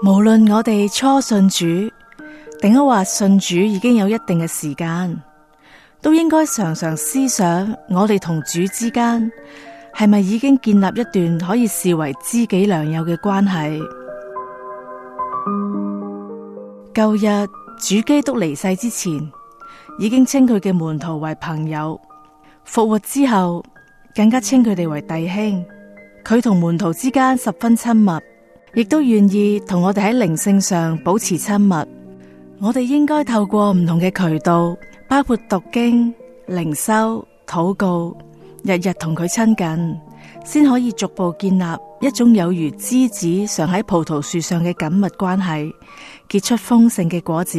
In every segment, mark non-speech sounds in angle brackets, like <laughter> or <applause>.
無論我哋初信主，定抑或信主已經有一定嘅時間，都應該常常思想我哋同主之間係咪已經建立一段可以視為知己良友嘅關係。舊 <music> 日主基督離世之前，已經稱佢嘅門徒為朋友，復活之後，更加稱佢哋為弟兄。佢同門徒之間十分親密。亦都願意同我哋喺靈性上保持親密，我哋應該透過唔同嘅渠道，包括讀經、靈修、禱告，日日同佢親近，先可以逐步建立一種有如枝子常喺葡萄樹上嘅緊密關係，結出豐盛嘅果子。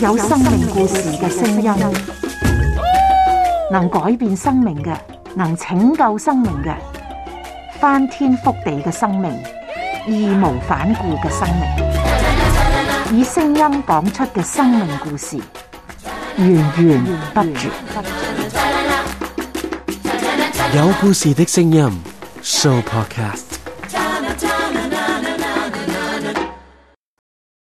有生命故事嘅聲音，能改變生命嘅，能拯救生命嘅，翻天覆地嘅生命，義無反顧嘅生命，以聲音講出嘅生命故事，源源不絕。有故事嘅聲音，Sooo Podcast。